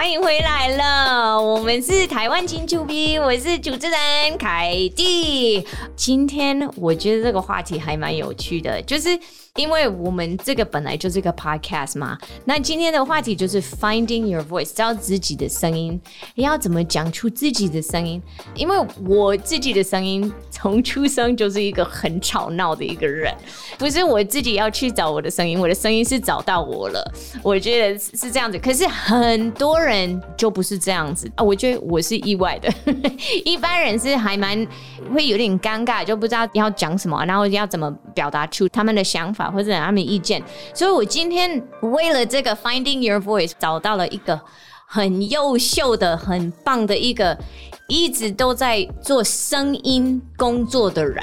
歡迎回來了，我們是台灣金 Q B，我是主持人凱蒂。今天我覺得這個話題還蠻有趣的，就是。因為我們這個本來就是一個 podcast 嘛，那今天的話題就是 finding your voice 找自己的聲音，要怎麼講出自己的聲音？因為我自己的聲音從出生就是一個很吵鬧的一個人，不是我自己要去找我的聲音，我的聲音是找到我了，我覺得是這樣子。可是很多人就不是這樣子啊。哦，我覺得我是意外的， 一般人是還蠻。會有點尷尬，就不知道要講什麼，然後要怎麼表達出他們的想法或者他們意見。所以，我今天為了這個 Finding Your Voice 找到了一個很優秀的、很棒的一個一直都在做聲音工作的人。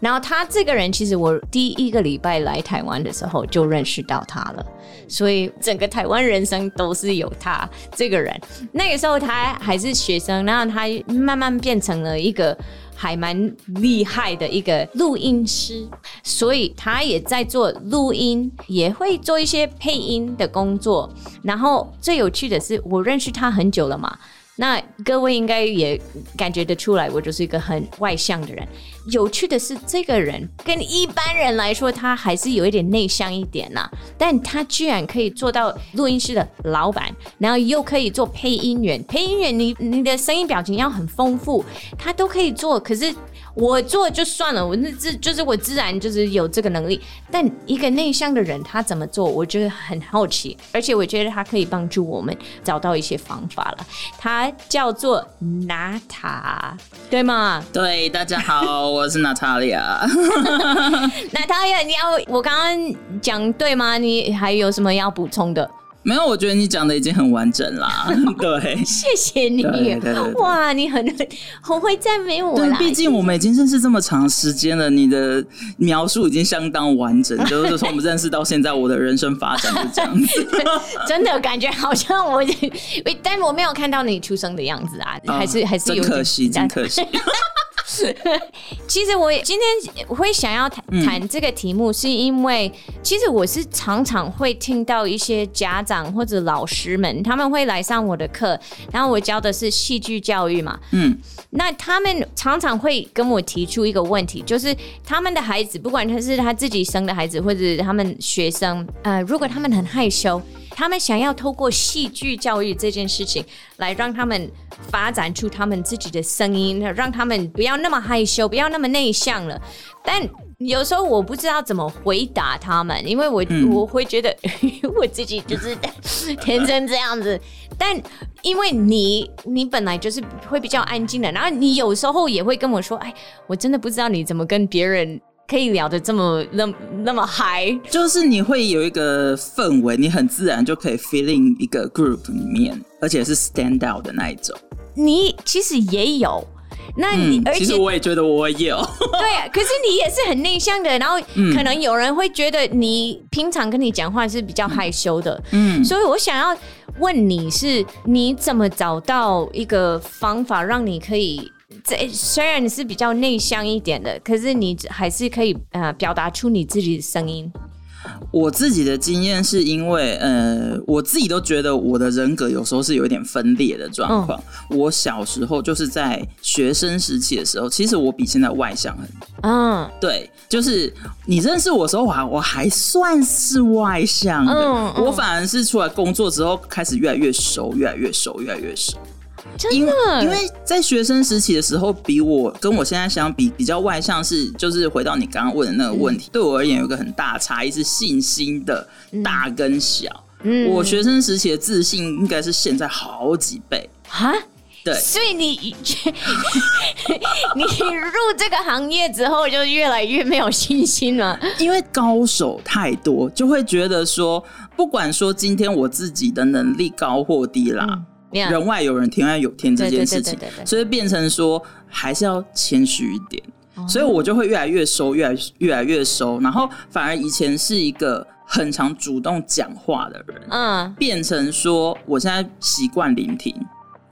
然後，他這個人其實我第一個禮拜來台灣的時候就認識到他了。所以，整個台灣人生都是有他這個人。那個時候他還是學生，然後他慢慢變成了一個。還蠻厲害的一個錄音師，所以他也在做錄音，也會做一些配音的工作。然後最有趣的是，我認識他很久了嘛，那各位應該也感覺得出來，我就是一個很外向的人。有趣的是，這個人跟一般人來說，他還是有一點內向一點吶、啊。但他居然可以做到錄音室的老闆，然後又可以做配音員。配音員，你你的聲音表情要很豐富，他都可以做。可是我做就算了，我那這就是我自然就是有這個能力。但一個內向的人，他怎麼做，我覺得很好奇。而且我覺得他可以幫助我們找到一些方法了。他叫做 NATA 對嗎？對，大家好。 我是娜塔莉亞，娜塔莉亞，你要我剛剛講對嗎？你還有什麼要補充的？沒有，我覺得你講的已經很完整了。 對， 謝謝你。對對對對。哇，你很很會讚美我啦。對，畢竟我們已經認識這麼長時間了，你的描述已經相當完整， 就是從我們認識到現在，我的人生發展是這樣子。 真的感覺好像我已經，但我沒有看到你出生的樣子啊，啊還是還是有、這個。可惜，真可惜。 其實我也今天會想要談談這個題目，是因為其實我是常常會聽到一些家長或者老師們，他們會來上我的課，然後我教的是戲劇教育嘛，嗯，那他們常常會跟我提出一個問題，就是他們的孩子，不管他是他自己生的孩子，或者他們學生，呃，如果他們很害羞。他們想要透過戲劇教育這件事情，來讓他們發展出他們自己的聲音，讓他們不要那麼害羞，不要那麼內向了。但有時候我不知道怎麼回答他們，因為我、嗯、我會覺得 我自己就是天生這樣子。但因為你你本來就是會比較安靜的，然後你有時候也會跟我說：“哎，我真的不知道你怎麼跟別人。”可以聊得這麼那那麼嗨，就是你會有一個氛圍，你很自然就可以 feeling 一個 group 裡面，而且是 stand out 的那一種。你其實也有，那你、嗯、而且其實我也覺得我也有，對啊， 可是你也是很內向的，然後可能有人會覺得你平常跟你講話是比較害羞的，嗯，所以我想要問你是你怎麼找到一個方法讓你可以。這，雖然你是比較內向一點的，可是你還是可以呃表達出你自己的聲音。我自己的經驗是因為，呃，我自己都覺得我的人格有時候是有一點分裂的狀況。嗯、我小時候就是在學生時期的時候，其實我比現在外向很多。嗯，對，就是你認識我的時候，我還我還算是外向的，對，嗯嗯、我反而是出來工作之後，開始越來越熟，越來越熟，越來越熟。越因因為，在學生時期的時候，比我跟我現在相比比較外向，是就是回到你剛剛問的那個問題，對我而言有一個很大差異是信心的大跟小。我學生時期的自信應該是現在好幾倍啊！對，所以你你入這個行業之後就越來越沒有信心了，因為高手太多，就會覺得說，不管說今天我自己的能力高或低啦。人外有人，天外有天這件事情，所以變成說還是要謙虛一點，哦、所以我就會越來越收，越來越來越收，然後反而以前是一個很常主動講話的人，嗯，變成說我現在習慣聆聽，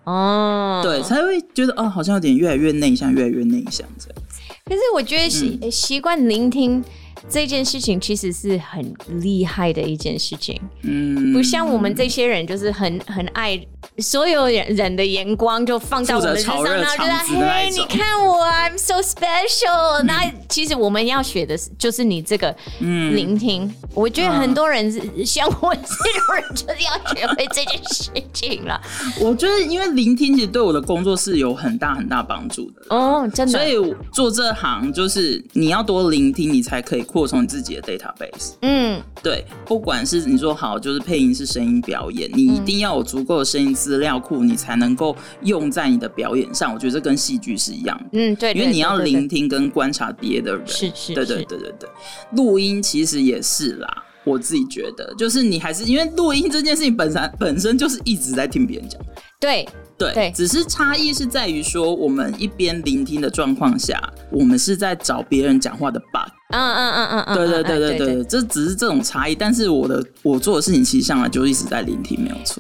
哦，對，才會覺得哦，好像有點越來越內向，越來越內向這樣。可是我覺得習習慣聆聽。這件事情其實是很厲害的一件事情，嗯，不像我們這些人就是很很愛所有人人的眼光就放到我們身上，然後覺得就嘿，你看我，I'm so special，嗯。那其實我們要學的就是你這個聆聽，嗯、我覺得很多人、嗯、像我這種人就是要學會這件事情了。 我覺得因為聆聽，其實對我的工作是有很大很大幫助的哦，真的。所以做這行就是你要多聆聽，你才可以。擴充你自己的 database，嗯，對，不管是你說好，就是配音是聲音表演，你一定要有足夠的聲音資料庫，你才能夠用在你的表演上。我覺得這跟戲劇是一樣的，嗯，對，對，因為你要聆聽跟觀察別的人，是是，是對對對對對，錄音其實也是啦。我自己覺得，就是你還是因為錄音這件事情本身本身，就是一直在聽別人講，對對對，對對，只是差異是在於說，我們一邊聆聽的狀況下，我們是在找別人講話的 bug，嗯嗯嗯嗯嗯，對對對對對，這只是這種差異。但是我的我做的事情，其實上來就一直在聆聽，沒有錯。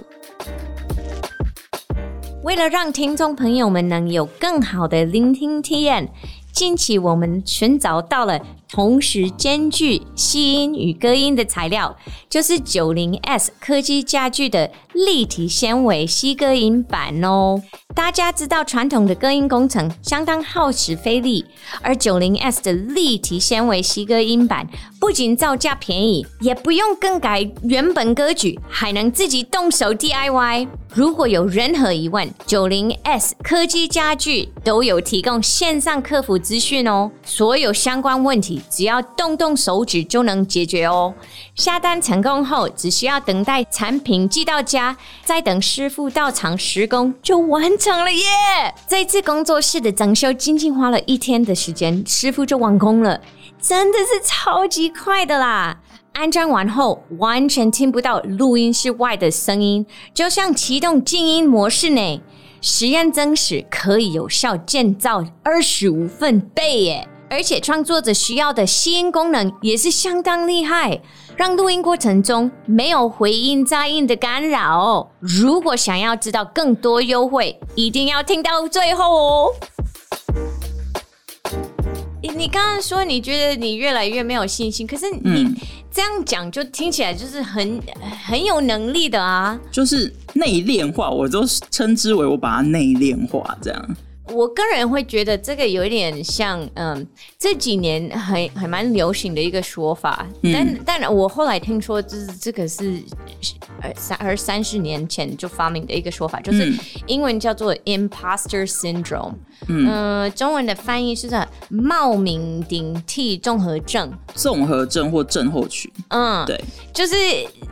為了讓聽眾朋友們能有更好的聆聽體驗，近期我們尋找到了。同時兼具吸音與隔音的材料，就是九零 S 科技家具的立體纖維吸隔音板哦。大家知道傳統的隔音工程相當耗時費力，而九零 S 的立體纖維吸隔音板不僅造價便宜，也不用更改原本格局，還能自己動手 DIY。如果有任何疑問，九零 S 科技家具都有提供線上客服資訊哦，所有相關問題。只要動動手指就能解決哦！下單成功後，只需要等待產品寄到家，再等師傅到場施工就完成了耶！Yeah! 這次工作室的整修僅僅花了一天的時間，師傅就完工了，真的是超級快的啦！安裝完後，完全聽不到錄音室外的聲音，就像啟動靜音模式呢。實驗證實，可以有效降噪二十五分貝耶。而且創作者需要的吸音功能也是相當厲害，讓錄音過程中沒有回音、雜音的干擾，哦。如果想要知道更多優惠，一定要聽到最後哦。嗯，你你剛剛說你覺得你越來越沒有信心，可是你這樣講就聽起來就是很很有能力的啊。就是內斂化，我都稱之為我把它內斂化這樣。我個人會覺得這個有點像，嗯，這幾年還還蠻流行的一個說法，嗯、但但我後來聽說，這這個是三而三十年前就發明的一個說法，就是英文叫做 imposter syndrome，嗯、呃，中文的翻譯是冒名頂替綜合症，綜合症或症候群，嗯，對，就是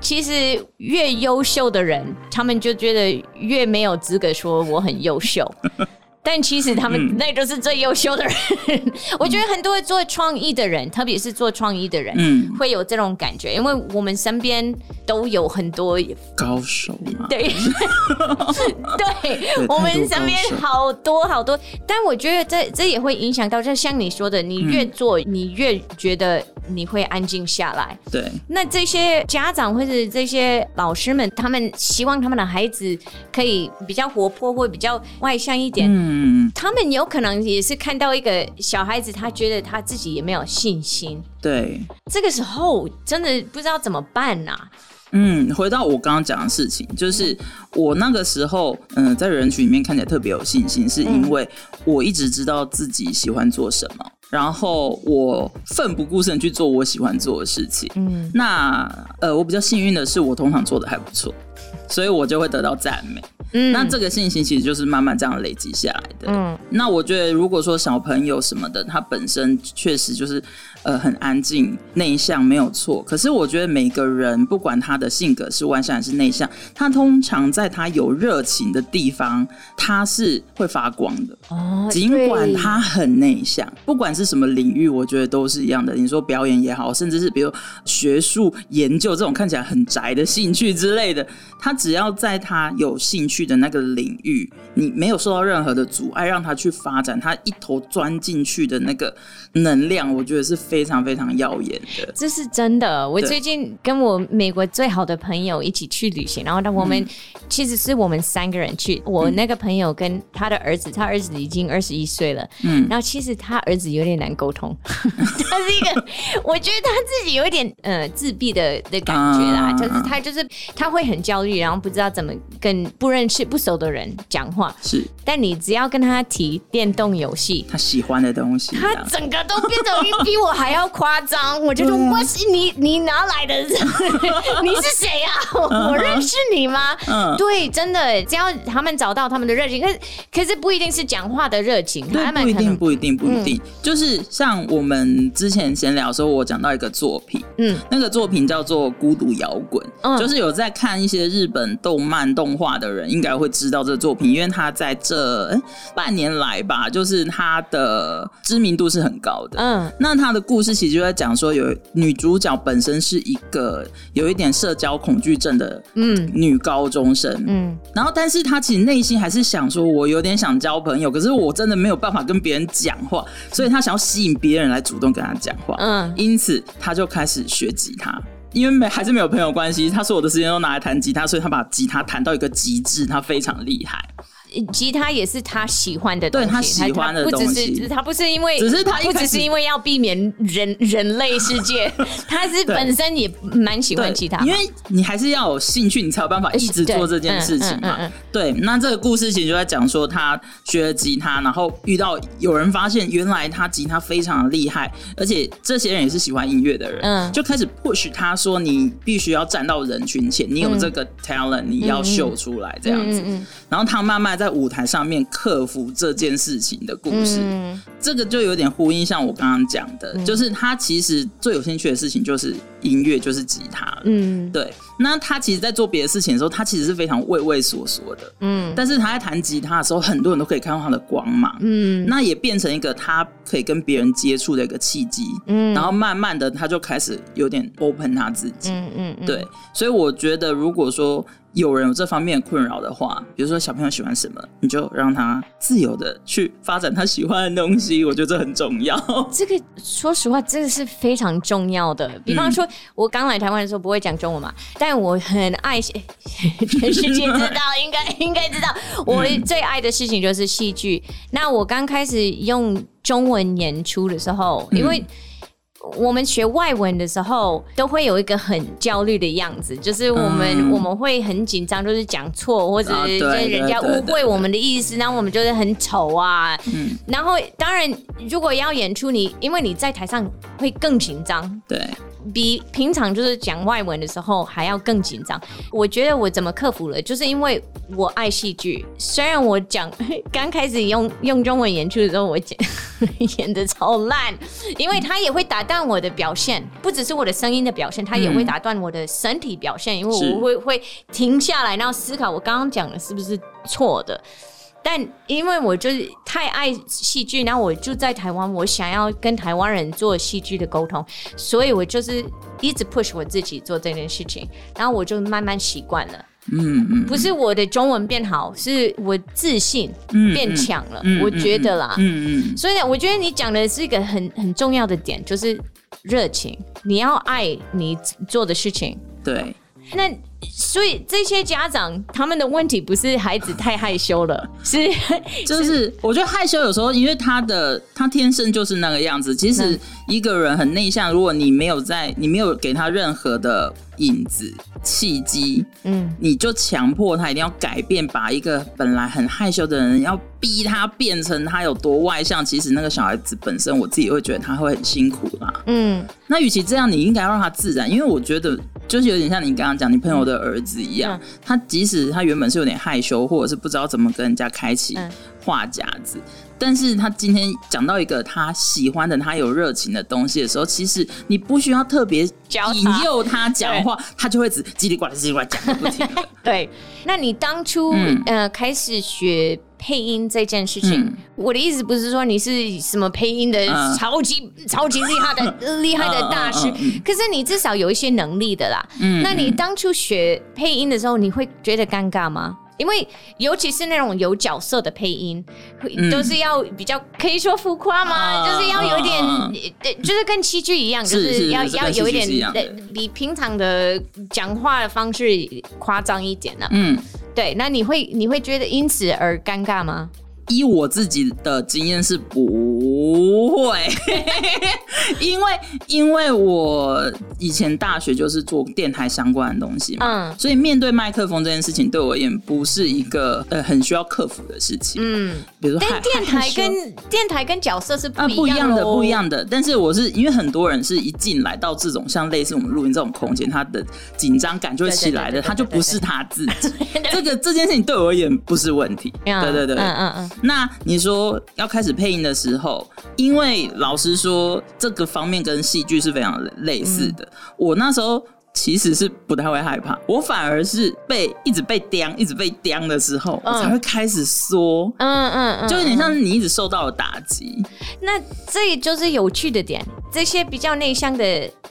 其實越優秀的人，他們就覺得越沒有資格說我很優秀。 但其實他們那都是最優秀的人。嗯， 我覺得很多做創意的人，嗯、特別是做創意的人，嗯、會有這種感覺，因為我們身邊都有很多高手嘛。對， 對，對我們身邊好多好多，多但我覺得這這也會影響到，就像你說的，你越做，嗯、你越覺得。你會安靜下來。對，那這些家長或者這些老師們，他們希望他們的孩子可以比較活潑或者比較外向一點。嗯嗯嗯，他們有可能也是看到一個小孩子，他覺得他自己也沒有信心。對，這個時候真的不知道怎麼辦吶。嗯，回到我剛剛講的事情，就是我那個時候，嗯，在人群裡面看起來特別有信心，是因為我一直知道自己喜歡做什麼。然後我奮不顧身去做我喜歡做的事情，嗯，那呃，我比較幸運的是，我通常做得還不錯，所以我就會得到讚美。那這個信心其實就是慢慢這樣累積下來的。嗯，那我覺得，如果說小朋友什麼的，他本身確實就是呃很安靜、內向，沒有錯。可是我覺得每個人，不管他的性格是外向還是內向，他通常在他有熱情的地方，他是會發光的。哦，儘管他很內向，不管是什麼領域，我覺得都是一樣的。你說表演也好，甚至是比如說學術研究這種看起來很宅的興趣之類的，他只要在他有興趣，的那個領域，你沒有受到任何的阻礙，讓他去發展，他一頭鑽進去的那個能量，我覺得是非常非常耀眼的。這是真的。我最近跟我美國最好的朋友一起去旅行，然後我們、嗯、其實是我們三個人去。嗯、我那個朋友跟他的兒子，他兒子已經二十一歲了。嗯，然後其實他兒子有點難溝通，嗯、 他是一個， 我覺得他自己有一點呃自閉的的感覺啦，啊、就是他就是他會很焦慮，然後不知道怎麼跟不認。不熟的人講話是，但你只要跟他提電動遊戲，他喜歡的東西、啊，他整個都變得 比我還要誇張。我就說：“我是、嗯、你，你哪來的人？ 你是誰呀、啊？我認識你嗎？”嗯、對，真的，只要他們找到他們的熱情，可是可是不一定是講話的熱情，他們對，不一定，不一定，不一定。嗯、就是像我們之前閒聊的時候，我講到一個作品，嗯，那個作品叫做《孤獨搖滾》，嗯、就是有在看一些日本動漫動畫的人。應該會知道這個作品，因為他在這半年來吧，就是他的知名度是很高的。嗯，那他的故事其實就在講說有，有女主角本身是一個有一點社交恐懼症的嗯女高中生，嗯，嗯然後但是她其實內心還是想說，我有點想交朋友，可是我真的沒有辦法跟別人講話，所以她想要吸引別人來主動跟她講話，嗯，因此她就開始學吉他。因為沒還是沒有朋友關係，他所有的時間都拿來彈吉他，所以他把吉他彈到一個極致，他非常厲害。吉他也是他喜歡的東西，對他喜歡的東西，他，他，不他不是因為只是他一，他不只是因為要避免人人類世界， 他是本身也蠻喜歡吉他，因為你還是要有興趣，你才有辦法一直做這件事情嘛。對，嗯嗯嗯嗯、對，那這個故事其實就在講說，他學了吉他，然後遇到有人發現，原來他吉他非常的厲害，而且這些人也是喜歡音樂的人，嗯，就開始 push 他說，你必須要站到人群前，你有這個 talent，、嗯、你要秀出來這樣子，嗯嗯嗯、然後他慢慢在。在舞台上面克服這件事情的故事，嗯，這個就有點呼應像我剛剛講的，嗯，就是他其實最有興趣的事情就是。音樂就是吉他，嗯，對。那他其實，在做別的事情的時候，他其實是非常畏畏縮縮的，嗯。但是他在彈吉他的時候，很多人都可以看到他的光芒，嗯。那也變成一個他可以跟別人接觸的一個契機，嗯。然後慢慢的，他就開始有點 open 他自己，嗯，嗯，嗯。對，所以我覺得，如果說有人有這方面的困擾的話，比如說小朋友喜歡什麼，你就讓他自由的去發展他喜歡的東西，我覺得這很重要。這個說實話，這個是非常重要的。嗯，比方說。我剛來台灣的時候不會講中文嘛，但我很愛，全世界知道應該應該知道，我最愛的事情就是戲劇。嗯、那我剛開始用中文演出的時候，因為。我們學外文的時候，都會有一個很焦慮的樣子，就是我們、嗯、我們會很緊張，就是講錯或者是人家誤會我們的意思，那、啊、我們覺得很醜啊。嗯、然後當然，如果要演出你，你因為你在台上會更緊張，對，比平常就是講外文的時候還要更緊張。我覺得我怎麼克服了，就是因為我愛戲劇，雖然我講剛開始用用中文演出的時候，我講 演演的超爛，因為他也會打斷、嗯。但我的表現，不只是我的聲音的表現，他也會打斷我的身體表現，嗯、因為我會會停下來，然後思考我剛剛講的是不是錯的。但因為我就是太愛戲劇，然後我就在台灣，我想要跟台灣人做戲劇的溝通，所以我就是一直 push 我自己做這件事情，然後我就慢慢習慣了。嗯嗯，嗯不是我的中文變好，是我自信變強了。嗯嗯嗯、我覺得啦，嗯嗯，嗯嗯嗯所以我覺得你講的是一個很很重要的點，就是熱情，你要愛你做的事情。對，那所以這些家長他們的問題不是孩子太害羞了， 是 就是我覺得害羞有時候因為他的他天生就是那個樣子。其實一個人很內向，如果你沒有在你沒有給他任何的。影子契機，嗯，你就強迫他一定要改變，把一個本來很害羞的人，要逼他變成他有多外向。其實那個小孩子本身，我自己會覺得他會很辛苦啦。嗯，那與其這樣，你應該要讓他自然，因為我覺得就是有點像你剛剛講你朋友的兒子一樣，嗯嗯、他即使他原本是有點害羞，或者是不知道怎麼跟人家開啟話匣子。嗯但是他今天講到一個他喜歡的，他有熱情的東西的時候，其實你不需要特別引誘他講話，他就會只嘰里呱啦、嘰里呱啦講個不停。對，那你當初呃開始學配音這件事情，我的意思不是說你是什麼配音的超級超級厲害的厲害的大師，可是你至少有一些能力的啦。嗯，那你當初學配音的時候，你會覺得尷尬嗎？因為尤其是那種有角色的配音，嗯、都是要比較可以說浮誇嗎？啊、就是要有一點、啊呃，就是跟戲劇一樣，是是就是要要有一點，比平常的講話的方式誇張一點了嗯，對，那你會你會覺得因此而尷尬嗎？依我自己的經驗是不會， 因為因為我以前大學就是做電台相關的東西嘛，嗯，所以面對麥克風這件事情對我而言不是一個呃很需要克服的事情，嗯，比如說但電台跟電台跟角色是不一樣，啊，不一樣的不一樣的，但是我是因為很多人是一進來到這種像類似我們錄音這種空間，他的緊張感就會起來的，他就不是他自己，這個這件事情對我而言不是問題，嗯，對，對，對對對，嗯嗯嗯。那你說要開始配音的時候，因為老實說，這個方面跟戲劇是非常類似的。嗯、我那時候其實是不太會害怕，我反而是被一直被刁、一直被刁的時候，我才會開始說，嗯嗯，就有點像是你像你一直受到了打擊、嗯嗯嗯嗯，那這也就是有趣的點。這些比較內向的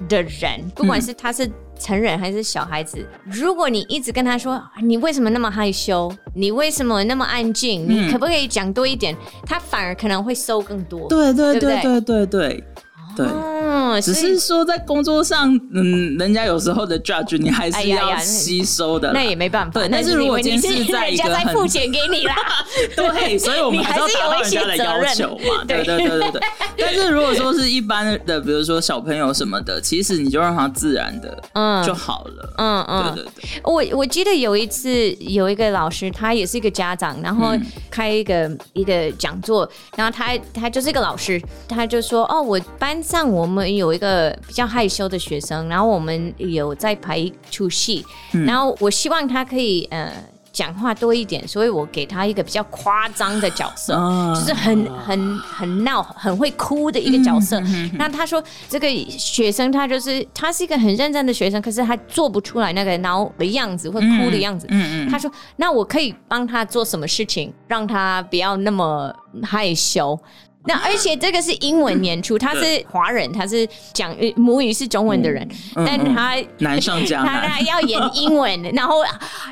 的人，不管是他是。嗯成人還是小孩子，如果你一直跟他說，你為什麼那麼害羞，你為什麼那麼安靜，你可不可以講多一點？嗯、他反而可能會收更多。對對對對對對對。嗯，哦、只是說在工作上，嗯，人家有時候的 judge 你還是要吸收的、哎那，那也沒辦法。對，但是你如果今天是在一個很、人家在付錢給你啦。 對，所以我們還是要擔一些責任嘛。對對對對對。 但是如果說是一般的，比如說小朋友什麼的，其實你就讓他自然的，嗯，就好了。嗯嗯，對對對。嗯嗯、我我記得有一次有一個老師，他也是一個家長，然後開一個、嗯、一個講座，然後他他就是一個老師，他就說哦，我班上我們。有一個比較害羞的學生，然後我們有在排一齣戲，嗯、然後我希望他可以呃講話多一點，所以我給他一個比較誇張的角色，哦、就是很很很鬧、很會哭的一個角色。嗯、哼哼哼，那他說，這個學生他就是他是一個很認真的學生，可是他做不出來那個鬧的樣子或哭的樣子。嗯、嗯嗯，他說，那我可以幫他做什麼事情，讓他不要那麼害羞。那而且這個是英文演出，嗯、他是華人，對他是講母語是中文的人，嗯、但他難上加難 他要演英文， 然後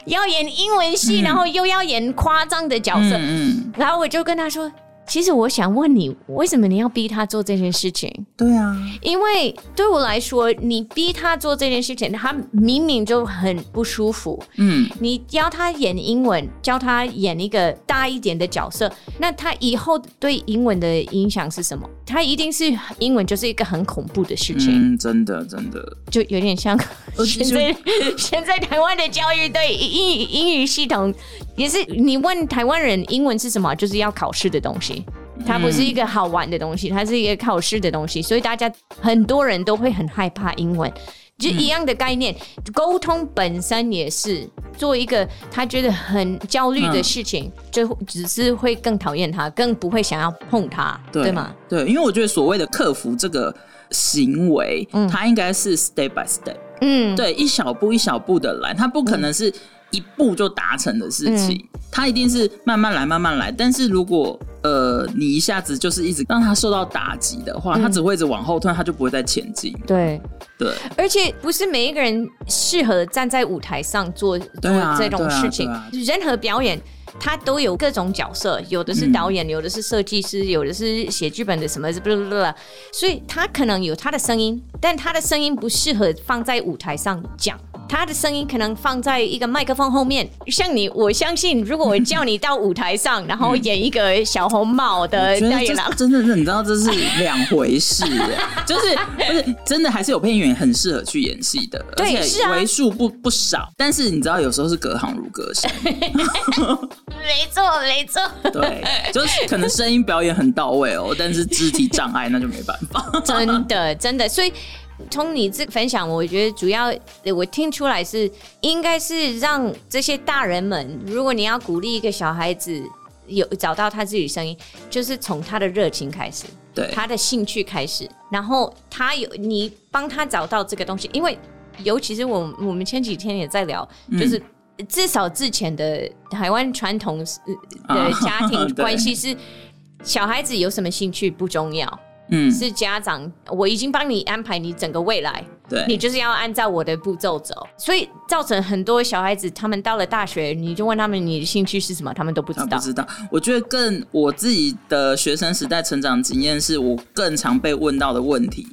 要演英文戲，嗯、然後又要演誇張的角色，嗯、然後我就跟他說。其實我想問你，為什麼你要逼他做這件事情？對啊，因為對我來說，你逼他做這件事情，他明明就很不舒服。嗯，你教他演英文，教他演一個大一點的角色，那他以後對英文的影響是什麼？他一定是英文就是一個很恐怖的事情。嗯，真的，真的，就有點像現在 現在台灣的教育對英語英語系統也是。你問台灣人，英文是什麼？就是要考試的東西。它不是一個好玩的東西，它是一個考試的東西，所以大家很多人都會很害怕英文，就一樣的概念，嗯、溝通本身也是做一個他覺得很焦慮的事情，嗯、就只是會更討厭他，更不會想要碰他，對,對嗎？對，因為我覺得所謂的克服這個行為，它應該是 step by step，嗯，對，一小步一小步的來，它不可能是。嗯一步就達成的事情，嗯、他一定是慢慢來，慢慢來。但是如果呃，你一下子就是一直讓他受到打擊的話，嗯、他只會一直往後退，他就不會再前進。對對，對，而且不是每一個人適合站在舞台上做，對、啊、做這種事情。啊啊啊、任何表演，他都有各種角色，有的是導演，嗯、有的是設計師，有的是寫劇本的，什麼，是不是？所以他可能有他的聲音，但他的聲音不適合放在舞台上講。他的聲音可能放在一個麥克風後面，像你，我相信，如果我叫你到舞台上，嗯、然後演一個小紅帽的，真的，真的是你知道，這是兩回事、啊， 就是不是真的，還是有配音員很適合去演戲的，對，而且為數不、是啊、不,不少，但是你知道，有時候是隔行如隔山， 沒錯，沒錯，對，就是可能聲音表演很到位哦，但是肢體障礙那就沒辦法， 真的，真的，所以。從你這個分享，我覺得主要我聽出來是，應該是讓這些大人們，如果你要鼓勵一個小孩子有找到他自己的聲音，就是從他的熱情開始，對，他的興趣開始，然後他有你幫他找到這個東西，因為尤其是我們，我們前幾天也在聊，嗯、就是至少之前的台灣傳統的家庭關係是，哦、小孩子有什麼興趣不重要。嗯，是家長，我已經幫你安排你整個未來，對，你就是要按照我的步驟走，所以造成很多小孩子，他們到了大學，你就問他們你的興趣是什麼，他們都不知道。不知道，我覺得更我自己的學生時代成長經驗，是我更常被問到的問題，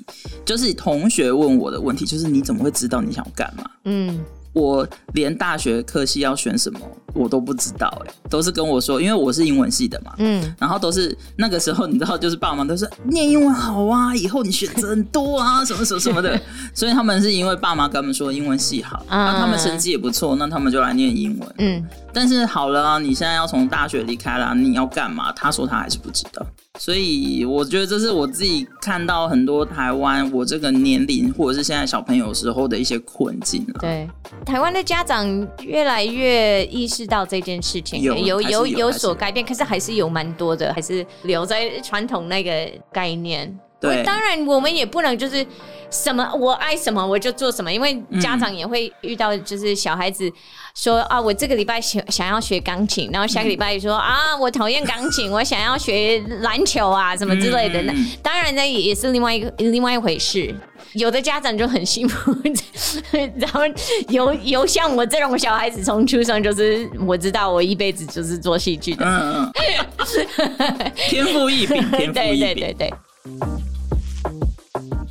就是同學問我的問題，就是你怎麼會知道你想幹嘛？嗯。我連大學科系要選什麼我都不知道、欸、都是跟我說，因為我是英文系的嘛，嗯，然後都是那個時候你知道，就是爸媽都是念英文好啊，以後你選擇很多啊， 什麼什麼什麼的，所以他們是因為爸媽跟他們說英文系好，那、嗯啊、他們成績也不錯，那他們就來念英文，嗯。但是好了啊，你現在要從大學離開了，你要幹嘛？他說他還是不知道，所以我覺得這是我自己看到很多台灣我這個年齡或者是現在小朋友時候的一些困境啊，對，台灣的家長越來越意識到這件事情欸，有有有、有所改變，是可是還是有蠻多的，還是留在傳統那個概念。對當然我們也不能就是什麼我愛什麼我就做什麼，因為家長也會遇到，就是小孩子說、嗯、啊，我這個禮拜想想要學鋼琴，然後下個禮拜說、嗯、啊，我討厭鋼琴， 我想要學籃球啊，什麼之類的。嗯、那當然呢，也是另外一個另外一回事。有的家長就很幸福， 然後有有像我這種小孩子，從出生就是我知道我一輩子就是做戲劇的，嗯嗯 天賦異稟，天賦異稟。 對，對對對。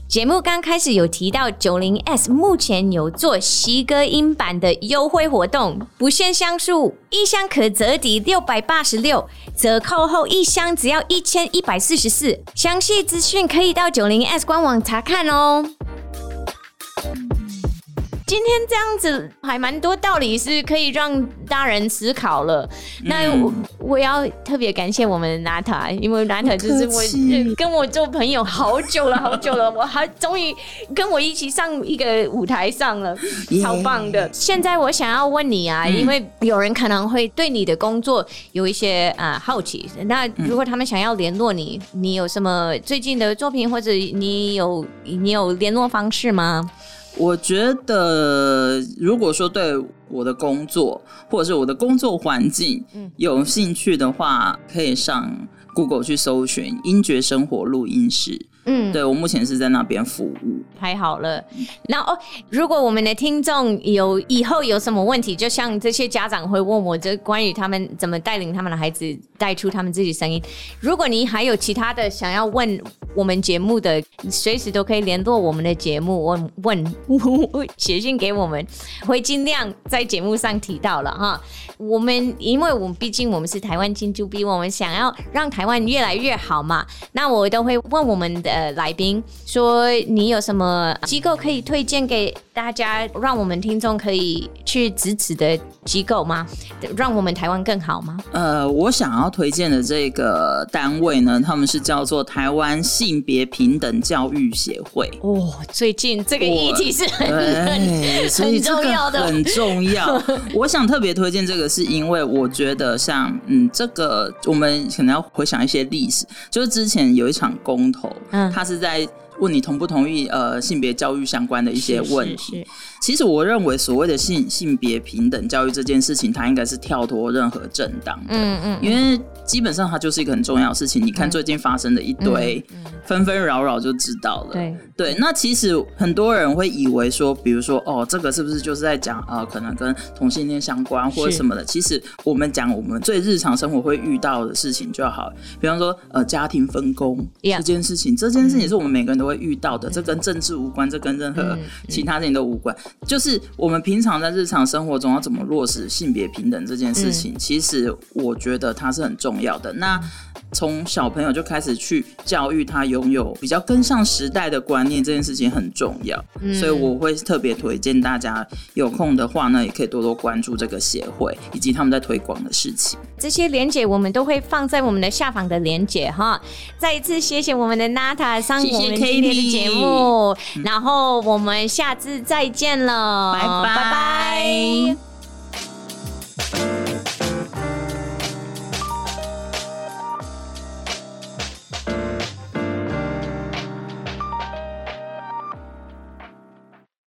節目剛開始有提到，九零 S 目前有做吸隔音板的優惠活動，不限箱數，一箱可折抵六百八十六，折扣後一箱只要一千一百四十四。詳細資訊可以到九零 S 官網查看哦。今天這樣子還蠻多道理是可以讓大人思考了。那、嗯、我,我要特別感謝我們 Nata，因為 Nata 就是我跟我做朋友好久了，好久了， 我還終於跟我一起上一個舞台上了，超棒的。Yeah. 現在我想要問你啊，嗯、因為有人可能會對你的工作有一些啊好奇，那如果他們想要聯絡你，嗯、你有什麼最近的作品，或者你有你有聯絡方式嗎？我覺得，如果說對我的工作或者是我的工作環境，嗯，有興趣的話，可以上 Google 去搜尋“音爵聲活錄音室”。嗯，對我目前是在那邊服務，太好了。那哦，如果我們的聽眾有以後有什麼問題，就像這些家長會問我，這關於他們怎麼帶領他們的孩子帶出他們自己的聲音。如果你還有其他的想要問我們節目的，隨時都可以聯絡我們的節目問問，寫、嗯嗯、信給我們，會尽量在節目上提到了哈。我們因為我們畢竟我們是台灣金珠 B，我們想要讓台灣越來越好嘛，那我都會問我們的。呃，來賓說，你有什麼機構可以推薦給大家，讓我們聽眾可以去支持的機構嗎？讓我們台灣更好嗎？呃，我想要推薦的這個單位呢，他們是叫做台灣性別平等教育協會。哦，最近這個議題是很重要的，很重要的。我想特別推薦這個，是因為我覺得像嗯，這個我們可能要回想一些歷史，就是之前有一場公投。嗯。他是在問你同不同意，呃，性別教育相關的一些問題。是是是其實我認為所謂的性性別平等教育這件事情，它應該是跳脫任何政黨的、嗯，嗯嗯，因為基本上它就是一個很重要的事情。嗯、你看最近發生的一堆紛紛擾擾就知道了，嗯嗯、對，那其實很多人會以為說，比如說哦，這個是不是就是在講啊、呃，可能跟同性戀相關或者什麼的？是其實我們講我們最日常生活會遇到的事情就好，比方說呃家庭分工、嗯、這件事情，這件事情是我們每個人都會遇到的。嗯、這跟政治無關，嗯、這跟任何其他事情都無關。嗯嗯就是我們平常在日常生活中要怎麼落實性別平等這件事情，嗯、其實我覺得它是很重要的。那。從小朋友就開始去教育他擁有比較跟上時代的觀念，這件事情很重要。嗯、所以我會特別推薦大家有空的話呢，也可以多多關注這個協會以及他們在推廣的事情。這些鏈接我們都會放在我們的下方的鏈接哈。再一次謝謝我們的 Natalia 上我們今天的節目，謝謝 Katie，嗯、然後我們下次再見了，拜拜。拜拜。